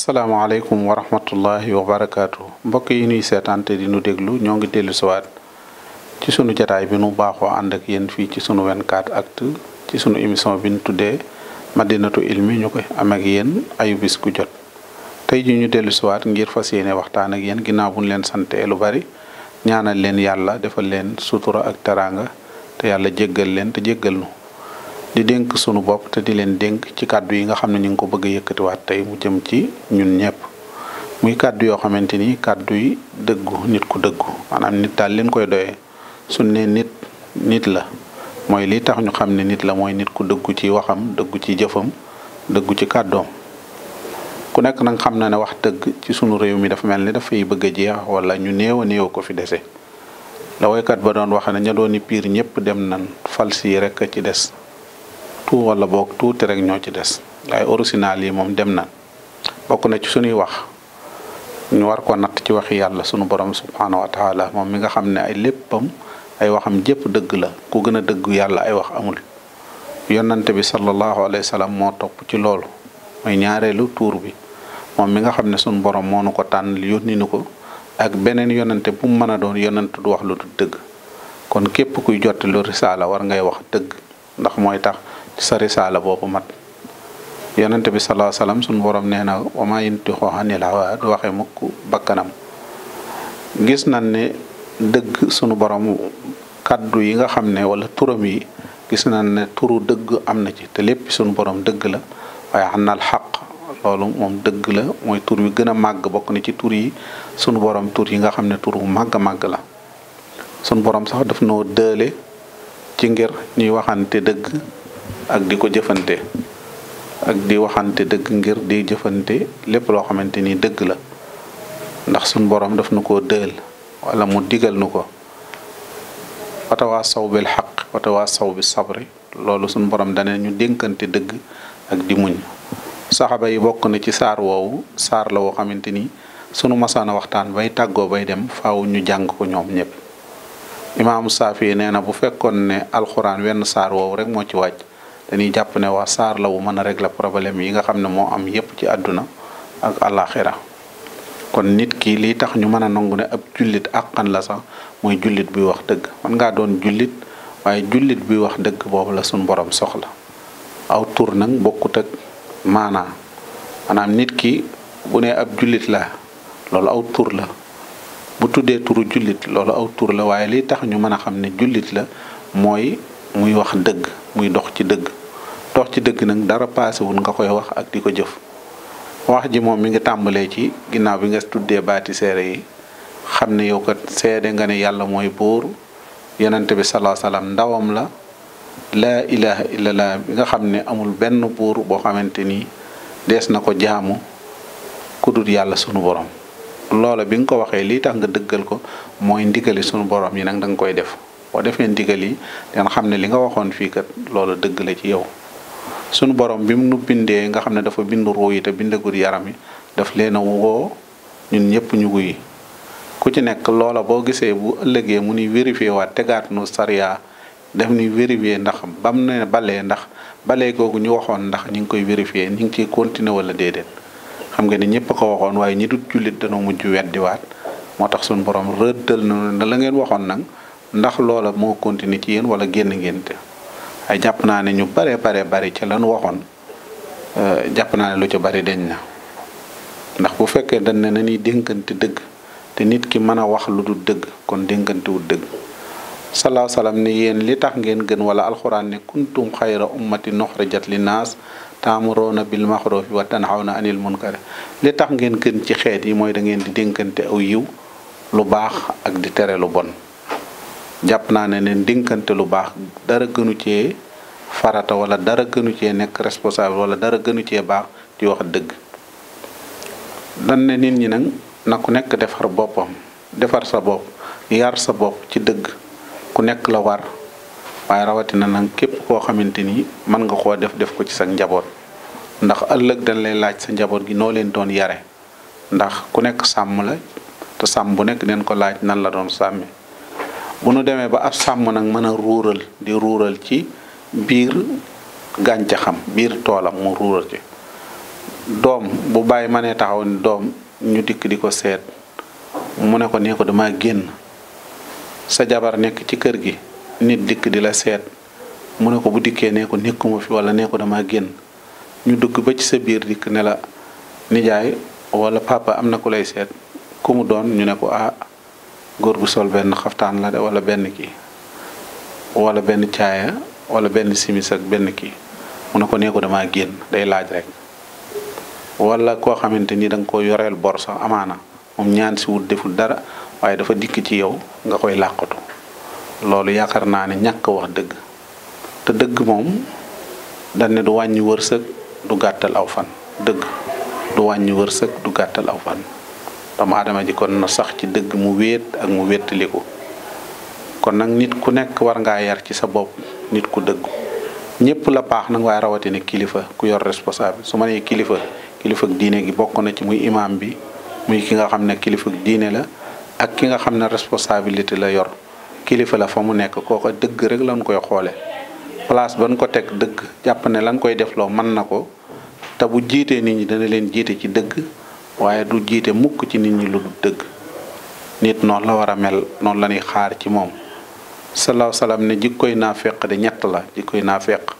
salaamaaleykum wa rahmatullahi wa barakaatu mbokk yi nuy seetaante di nu déglu ñoo ngi dellu ci sunu jataay bi nu baaxoo ànd ak yéen fii ci sunu 24 actu ci sunu émission bi nu tuddee madinatu ilmi ñu koy am ak yéen ayu bis ku jot te ji ñu dellu siwaat ngir fas yéene waxtaan ak yéen ginnaaw bu leen sante lu bari ñaanal leen yàlla defal leen sutura ak teraanga yàlla jéggal leen te jéggal nu di dénk sunu bopp te di leen dénk ci kàddu yi nga xam ne ñu ngi ko bëgg a yëkkatiwaat tey mu jëm ci ñun ñëpp muy kàddu yoo xamante ni kàddu yi dëggu nit ku dëggu maanaam nit daal leen koy doyee su ne nit nit la mooy li tax ñu xam ne nit la mooy nit ku dëggu ci waxam dëggu ci jëfam dëggu ci kàddoom ku nekk nag xam na ne wax dëgg ci sunu réew mi dafa mel ni dafay bëgg a jeex wala ñu néew a ko fi dese la woykat ba doon wax ne ña dooni piir ñëpp dem nan fals yi rek ci des tout wala boog tuuti rek ñoo ci des waaye original yi moom dem nan bokk na ci suñuy wax ñu war ko natt ci waxi yàlla sunu borom subhaanahu wa moom mi nga xam ne ay léppam ay waxam jépp dëgg la ku gën a dëggu yàlla ay wax amul yonante bi sallallahu alayhi wa moo topp ci loolu mooy ñaareelu tuur bi moom mi nga xam ne sunu borom moo nu ko tànn yónni nu ko ak beneen yonante bu mu mën a doon yonante du wax lu dul dëgg kon képp kuy jotti lu risaala war ngay wax dëgg ndax mooy tax sa risaala boobu mat yonante bi salaa salaam sunu boroom nee na wa maa yantiqu anil hawaa du waxe mukk bakkanam gis nañ ne dëgg sunu borom kaddu yi nga xam ne wala turam yi gis nañ ne turu dëgg am na ci te lépp sunu boroom dëgg la waaye xanaa al xaq loolu moom dëgg la mooy tur bi gën a màgg bokk na ci tur yi sunu borom tuur yi nga xam ne tur bu màgg màgg la suñ borom sax daf noo dëële ci ngir ñuy waxante dëgg ak di ko jëfante ak di waxante dëgg ngir di jëfante lépp loo xamante ni dëgg la ndax sunu borom daf nu ko dëël wala mu digal nu ko watawaa saw bil xaq watawaa saw bi sabri loolu sunu borom dane ñu dénkante dëgg ak di muñ saxaba yi bokk na ci saar woowu saar la woo xamante ni sunu masaana waxtaan bay tàggoo bay dem faaw ñu jàng ko ñoom ñëpp imaamu saafi nee na bu fekkoon ne alxuraan wenn saar woowu rek moo ci wàcc dañuy jàpp ne waa saar la wu mën a régler problème yi nga xam ne moo am yépp ci àdduna ak àllaaxira kon nit kii lii tax ñu mën a nangu ne ab jullit àqan la sax mooy jullit buy wax dëgg man ngaa doon jullit waaye jullit buy wax dëgg boobu la sunu boroom soxla aw tur nag bokkut maanaa maanaam nit ki bu ne ab jullit la loolu aw tur la bu tuddee turu jullit loolu aw tur la waaye li tax ñu mën a xam ne jullit la mooy muy wax dëgg muy dox ci dëgg dox ci dëgg nag dara paasewul nga koy wax ak di ko jëf wax ji moom mi ngi tàmbalee ci ginnaaw bi nga tuddee baati seere yi xam ne yow ko seede nga ne yàlla mooy buur yonente bi salaa salaam ndawam la laa ilaha illallah bi nga xam ne amul benn buur boo xamante ni des na ko jaamu ku dul yàlla sunu borom loola bi nga ko waxee lii tax nga dëggal ko mooy ndigali sunu borom yi nag da koy def boo defee ndigal yi danga xam ne li nga waxoon fii kat loola dëgg la ci yow sunu borom bi mu nu bindee nga xam ne dafa bind ruu yi te bindagul yaram yi def leen a woo ñun ñëpp ñu wuy ku ci nekk loola boo gisee bu ëllëgee mu ni vérifié waat tegaat nu sariya def ni vérifier ndax bam ne balee ndax balee googu ñu waxoon ndax ñu ngi koy vérifier ñu ngi ciy continuer wala déedéet xam nga ni ñëpp ko waxoon waaye ñi dut jullit dañoo mujj weddiwaat moo tax suñu borom rëddal na la ngeen waxoon nag ndax loola moo continuer ci yéen wala génn ngeen te ay jàpp naa ne ñu bare bare bari ca lanu waxoon euh, jàpp naa ne lu ca bari deñ na ndax bu fekkee dañ ne nañuy dénkante dëgg te nit ki mën a wax lu dul dëgg kon dénkante dëgg salaahu salaam ne yéen li tax ngeen gën wala alxuraan ne kuntum xayra ummati noxrijat li naas taamuroona bil maxrufi wa tanhawna anil munkari li tax ngeen gën ci xeet yi mooy da ngeen di dénkante aw yiw lu baax ak di tere lu bon jàpp naa ne ne dénkante lu baax dara gënu cee farata wala dara gënu cee nekk responsable wala dara gënu cee baax di wax dëgg dan ñi nag na ku nekk defar boppam defar sa bopp yar sa bopp ci dëgg ku nekk la war waaye rawatina nag képp koo xamante ni mën nga koo def def ko ci sa njaboot ndax ëllëg dañ lay laaj sa njaboot gi noo leen doon yare ndax ku nekk sàmm la te sàmm bu nekk den ko laaj nan la doon sàmmi bu nu demee ba ab sàmm nag mën a ruural di ruural ci biir gàncaxam biir toolam mu ruural ci doom bu bàyyi ma nee taxaw ni doom ñu dikk di ko seet mu ne ko nee dama génn sa jabar nekk ci kër gi nit dikk di la seet mu ne ko bu dikkee nee ko nekkuma fi wala nee ko dama génn ñu dugg ba ci sa biir dikk ne la nijaay wala papa am na ku lay seet ku mu doon ñu ne ko ah góor gu sol benn xaftaan la de wala benn ki wala benn caaya wala benn simis benn ki mu ne ko nee ko dama génn day laaj rek wala koo xamante ni da ko yoreel bor sax amaana moom ñaan si wut deful dara waaye dafa dikk ci yow nga koy làqatu loolu yaakaar naa ne ñàkk wax dëgg te dëgg moom dañ ne du wàññi wërsëg du gàttal aw fan dëgg du wàññi wërsëg du gàttal aw fan doomu aadama ji kon na sax ci dëgg mu wéet ak mu wéttaliku kon nag nit ku nekk war nga yar ci sa bopp nit ku dëgg ñëpp la baax nag waaye rawatina kilifa ku yor responsable su ma nee kilifa kilifa diine gi bokk na ci muy imaam bi muy ki nga xam ne kilifa diine la. ak ki nga xam ne responsabilité la yor kilifa la fa mu nekk kooka dëgg rek lañ koy xoole place ban ko teg dëgg jàpp ne lan koy defloo mën na ko te bu jiitee nit ñi dana leen jiite ci dëgg waaye du jiite mukk ci nit ñi lu dul dëgg nit noon la war a mel noonu la xaar ci moom salaaw salaam ne jikkoy naafeq de ñett la jikkoy naafeq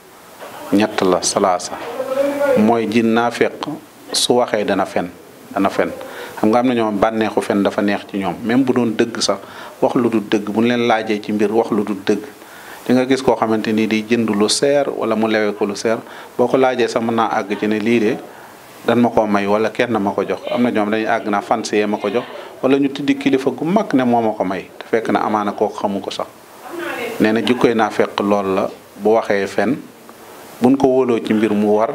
ñett la salaasa mooy ji naafeq su waxee dana fen dana fen xam nga am na ñoom bànneexu fen dafa neex ci ñoom même bu doon dëgg sax wax lu dul dëgg bu leen laajee ci mbir wax lu dul dëgg di nga gis koo xamante ni di jënd lu seer wala mu lewee ko lu seer boo ko laajee sax mën naa àgg ci ne lii de dan ma ko may wala kenn ma ko jox am na ñoom dañuy àgg naa fansiyee ma ko jox wala ñu tuddi kilifa gu mag ne moo ma ko may te fekk na amaana kooku xamu ko sax nee na jikkoy naa fekk lool la bu waxee fen buñ ko wóoloo ci mbir mu war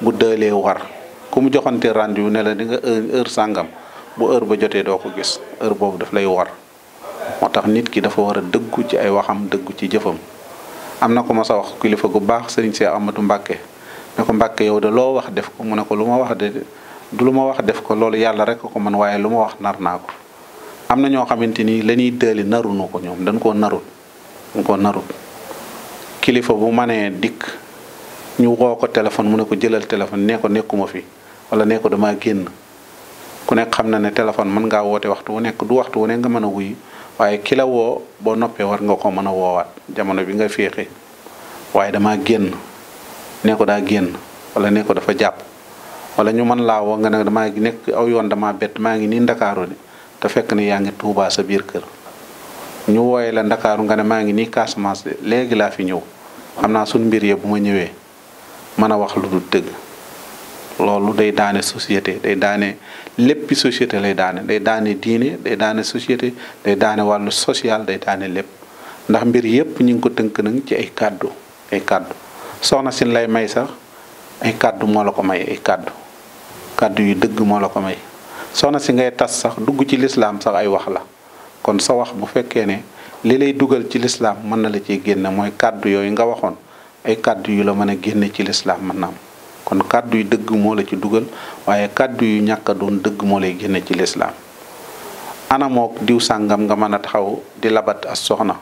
bu dëlee war ku mu joxante rendez-vous ne la di nga heure sàngam bu heure ba jotee doo ko gis heure boobu daf lay war moo tax nit ki dafa war a dëggu ci ay waxam dëggu ci jëfam am na ko ma sa wax kilifa gu baax sëriñ Cheikh Amadou Mbacke ne ko Mbacke yow de loo wax def ko mu ne ko lu ma wax de du lu ma wax def ko loolu yàlla rek ko man waaye lu ma wax nar naa ko am na ñoo xamante ni la ñuy dëli ko ñoom dañ koo narut dañ koo kilifa bu manee dikk ñu woo ko téléphone mu ne ko jëlal téléphone nee ko nekkuma wala ne ko damaa génn ku nekk xam na ne téléphone mën ngaa woote waxtu wu nekk du waxtu wu ne nga mën a wuyu waaye ki la woo boo noppee war nga ko mën a woowaat jamono bi nga féexe waaye damaa génn nekko ko daa génn wala nekko dafa jàpp wala ñu mën laa woo nga ne damaa nekk aw yoon damaa bett maa ngi nii ndakaaru de fekk ne yaa ngi tuubaa sa biir kër ñu wooye la ndakaaru nga ne maa ngi nii Casamance de léegi laa fi ñëw xam naa suñ mbir ye bu ma ñëwee mën a wax lu dul dëgg loolu day daane société day daane léppi société lay daane day daane diine day daane société day daane wàllu social day daane lépp ndax mbir yépp ñu ngi ko tënk nag ci ay kàddu ay kàddu soxna sin lay may sax ay kàddu moo ko may ay kàddu kàddu yu dëgg ko may soxna si ngay tas sax dugg ci lislaam sax ay wax la kon sa wax bu fekkee ne li lay dugal ci lislaam mën na la ciy génne mooy kàddu yooyu nga waxoon ay kàddu yu la mën a génne ci lislaam mën na am kon kàddu yu dëgg moo la ci dugal waaye kàddu yu ñàkk a doon dëgg moo lay génne ci lislaam anamook diw sàngam nga mën a taxaw di labat as soxna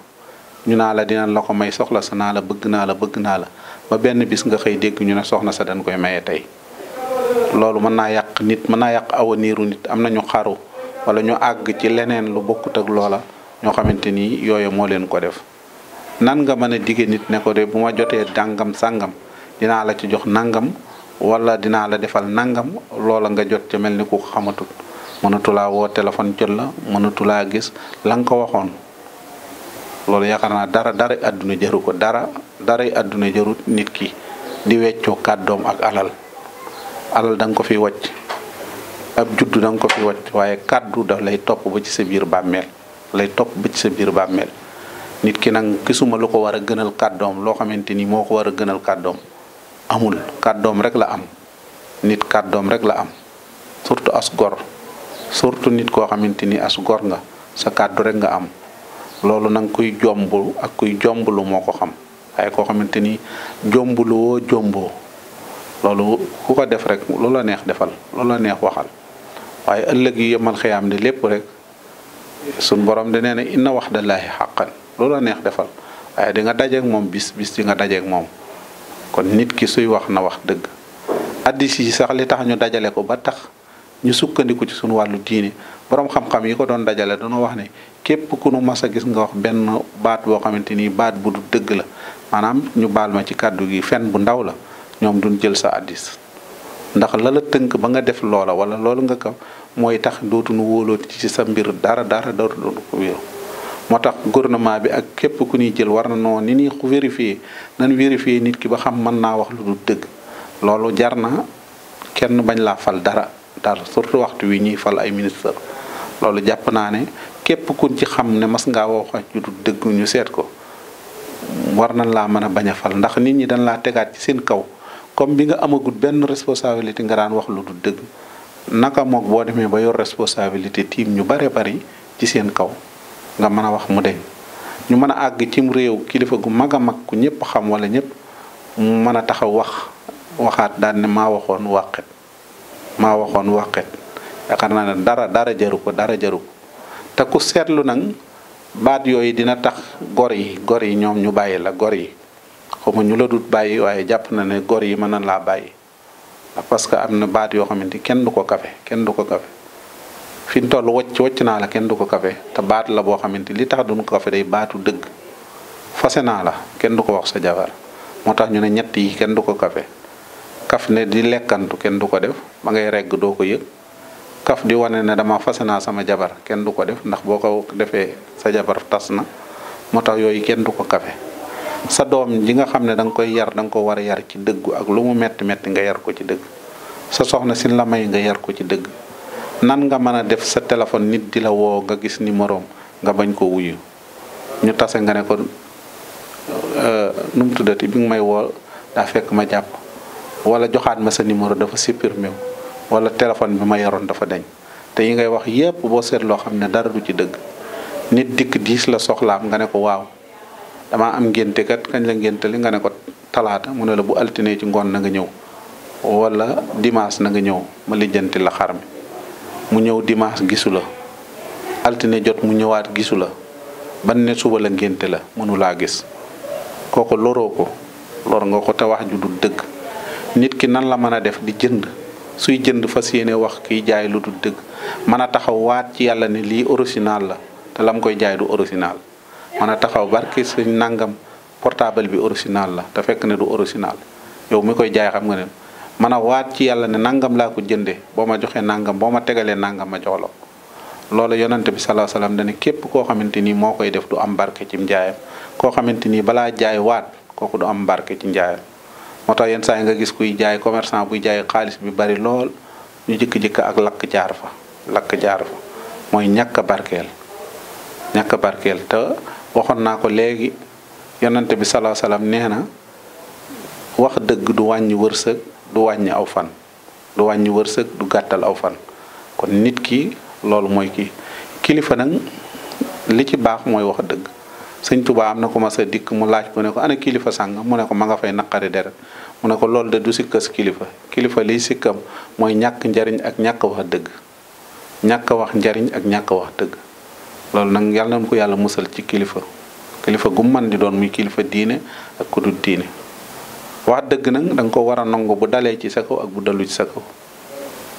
ñu naa la dina la ko may soxla sa naa la bëgg naa la bëgg naa la ba benn bis nga xëy dégg ñu ne soxna sa dañ koy maye tey loolu mën naa yàq nit mën naa yàq awa niiru nit am na ñu xaru wala ñu àgg ci leneen lu bokkut ak loola ñoo xamante ni yooyu moo leen ko def nan nga mën a dige nit ne ko de bu ma jotee dàngam sàngam dinaa la ci jox nangam wala dinaa la defal nangam loola nga jot ca mel ni ku xamatut mënatulaa woo téléphone jot la mënatulaa gis la nga ko waxoon loolu yaakaar naa dara dara àdduna jëru ko dara dara àdduna jëru nit ki di weccoo kàddoom ak alal alal da ko fi wacc ab juddu da ko fi wacc waaye kàddu daf lay topp ba ci sa biir bàmmeel lay topp ba ci sa biir bàmmeel nit ki nag gisuma lu ko war a gënal kàddoom loo xamante ni moo ko war a gënal kàddoom amul kàddoom rek la am nit kàddoom rek la am surtout as gor surtout nit koo xamante ni as gor nga sa kàddu rek nga am loolu nanga kuy jomb ak kuy jomblu moo ko xam waaye koo xamante ni jomblu woo jomboo loolu ku ko def rek lu la neex defal lu la neex waxal waaye ëllëg yu yemal xiyaam di lépp rek suñ borom di nee na inna wax dallaahi xaqan lu neex defal waaye di dajeek moom bis bis di nga dajeek moom kon nit ki suy wax na wax dëgg addis yi sax li tax ñu dajale ko ba tax ñu sukkandiku ci sunu wàllu diine boroom xam-xam yi ko doon dajale dañoo wax ne képp ku nu mas gis nga wax benn baat boo xamante ni baat bu du dëgg la maanaam ñu baal ma ci kàddu gi fen bu ndaw la ñoom duñ jël sa addis ndax lala tënk ba nga def loola wala loolu nga ko mooy tax dootuñu wóolooti ci sa mbir dara dara dootuñu ko wéeru moo tax gournement bi ak képp ku ñuy jël war na noo ni ñuy vérifier nan vérifier nit ki ba xam mën naa wax lu dul dëgg loolu jar na kenn bañ laa fal dara dara surtout waxtu wi ñuy fal ay ministre loolu jàpp naa ne képp kuñ ci xam ne mas ngaa wax lu dul dëgg ñu seet ko war nañ laa mën a bañ a fal ndax nit ñi dañ laa tegaat seen kaw comme bi nga amagut benn responsabilité nga daan wax lu dul dëgg naka moog boo demee ba yor responsabilité tiim ñu bare bari ci seen kaw nga mën a wax mu deñ ñu mën a àgg cim réew kilifa gu mag a mag ku ñëpp xam wala ñëpp mu mën a taxaw wax waxaat daal ne ma waxoon wàqet ma waxoon wàqet yaakaar naa ne dara dara jaru ko dara jaru ko te ku seetlu nag baat yooyu dina tax gor yi gor yi ñoom ñu bàyyi la gor yi xawma ñu la dut bàyyi waaye jàpp na ne gor yi mën na laa bàyyi parce que am na baat yoo xamante kenn du ko kafe kenn du ko kafe fi ñu toll wocc wocc naa la kenn du ko kafe te baat la boo xamante li tax duñ ko kafe day baatu dëgg fase naa la kenn du ko wax sa jabar moo tax ñu ne ñett kenn du ko kafe kaf ne di lekkantu kenn du ko def ba ngay regg doo ko yëg kaf di wane ne dama fase sama jabar kenn du ko def ndax boo ko defee sa jabar tas na moo yooyu kenn du ko kafe sa doom ji nga xam ne da nga koy yar danga nga ko war a yar ci dëgg ak lu mu metti metti nga yar ko ci dëgg sa soxna si la may nga yar ko ci dëgg nan nga mën a def sa téléphone nit di la woo nga gis numéro nga bañ ko wuyu ñu tase nga ne ko euh, nu mu tuddati bi nga may woo daa fekk ma jàpp wala joxaat ma sa numéro dafa supprimer wu wala téléphone bi ma yoroon dafa dañ te yi ngay wax yépp boo loo xam ne dara du ci dëgg nit dikk diis la soxlaam nga ne ko waaw damaa am ngénte kat kañ la ngénte li nga ne ko talaata mu ne la bu altine ci ngoon na nga ñëw wala dimanche na nga ñëw ma lijjanti la xar mi mu ñëw dimanche gisu la altine jot mu ñëwaat gisu la ban ne suba la ngénte la mënulaa gis kooku loroo ko lor nga ko te wax ju du dëgg nit ki nan la mën a def di jënd suy jënd fas yéene wax kiy jaay lu du dëgg mën a taxaw waat ci yàlla ne lii original la te lam koy jaay du original mën a taxaw barki suñ nangam portable bi original la te fekk ne du original yow mi koy jaay xam nga ne man a waat ci yàlla ne nangam laa ko jënde boo ma joxee nangam boo ma tegalee nangam ma jox la loolu yonante bi salaa salaam dana képp koo xamante ni moo koy def du am barke ci njaayam koo xamante ni balaa jaay waat kooku du am barke ci njaayam moo tax yenn nga gis kuy jaay commerçant buy jaay xaalis bi bari lool ñu jëkk-jëkk ak lakk jaar fa lakk jaar fa mooy ñàkk barkeel ñàkk barkeel te waxoon naa ko léegi yonante bi salaa salaam nee na wax dëgg du wàññi wërsëg du wàññi aw fan du wàññi wërsëg du gàttal aw fan kon nit ki loolu mooy kii kilifa nag li ci baax mooy wax dëgg sëñ Tuubaa am na ko mas a dikk mu laaj ko ne ko ana kilifa sàng mu ne ko ma nga fay naqari deret mu ne ko loolu de du sikkas kilifa kilifa liy sikkam mooy ñàkk njariñ ak ñàkk wax a dëgg ñàkk wax njariñ ak ñàkk wax dëgg loolu nag yàlla na ko yàlla musal ci kilifa kilifa gu mën di doon muy kilifa diine ak ku diine wax dëgg nag da nga ko war a nangu bu dalee ci sa ak bu dalu ci sa kaw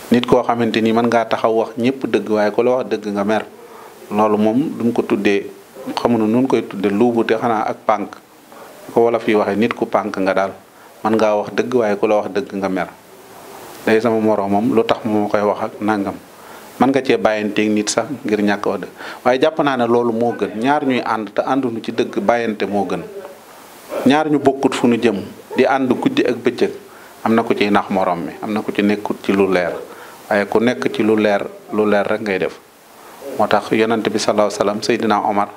nit koo xamante ni mën ngaa taxaw wax ñëpp dëgg waaye ku la wax dëgg nga meer loolu moom duñ ko tuddee xamuñu nun koy tuddee luubu te xanaa ak pànk wala fi waxee nit ku pànk nga daal mën ngaa wax dëgg waaye ku la wax dëgg nga mer day sama moroomam lu tax moo koy wax ak nangam mën nga cee bàyyanteeg nit sax ngir ñàkk wax dëgg waaye jàpp naa ne loolu moo gën ñaar ñuy ànd te ànduñu ci dëgg bàyyante moo gën ñaar ñu bokkut fu ñu jëm di ànd guddi ak bëccëg am na ku ciy nax morom mi am na ku ci nekkut ci lu leer waaye ku nekk ci lu leer lu leer rek ngay def moo tax yonent bi salaahu salaam Seydina Omar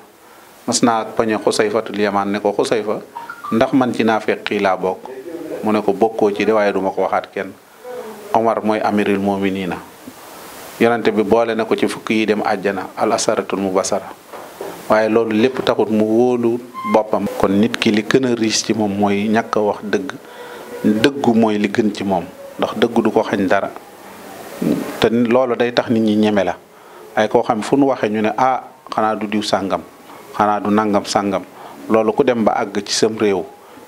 mas naa pañe xusayfatul yamaan ne ko xusayfa ndax man ci naafeq yi laa bokk mu ne ko bokkoo ci de waaye duma ko waxaat kenn Omar mooy amiril na yonent bi boole na ko ci fukki yi dem àjjana al asaratul basara waaye loolu lépp taxut mu wóolu boppam. kon nit ki li gën a riis ci moom mooy ñàkk a wax dëgg dëggu mooy li gën ci moom ndax dëgg du ko xañ dara te loolu day tax nit ñi ñeme la ay koo xam fu nu waxee ñu ne ah xanaa du diw sàngam xanaa du nangam sàngam loolu ku dem ba àgg ci sam réew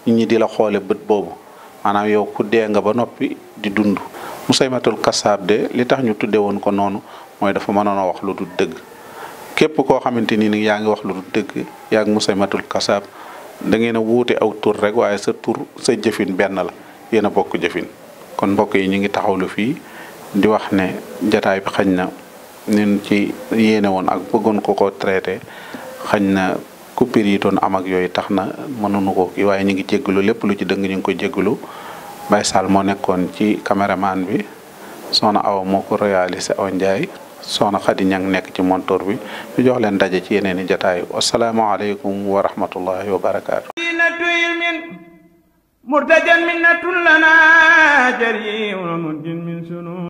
nit ñi di la xoole bët boobu maanaam yow ku dee nga ba noppi di dund. Musaymatul kasaab de li tax ñu tudde woon ko noonu mooy dafa mënoon a wax lu du dëgg. képp koo xamante ni ni yaa ngi wax lu du dëgg yaa ngi musaymatul kasaab da ngeen a wuute aw tur rek waaye sa tur sa jëfin benn la yéen a bokk jëfin kon mbokk yi ñu ngi taxawlu fii di wax ne jataay bi xañ na ñun ci yéene woon ak bëggoon ko ko traité xañ na coupure yi doon am ak yooyu tax na mënuñu ko kii waaye ñu ngi jéggalu lépp lu ci dëng ñu ngi ko jéggalu Baye Sall moo nekkoon ci caméraman bi soxna Awa moo ko réalisé Awa Ndiaye soxna Khady Niang nekk ci montor bi ñu jox leen daje ci yeneen i jataay wasalaamaaleykum wa rahmatullahi wa barakaatu murtajan minnatun lana jariun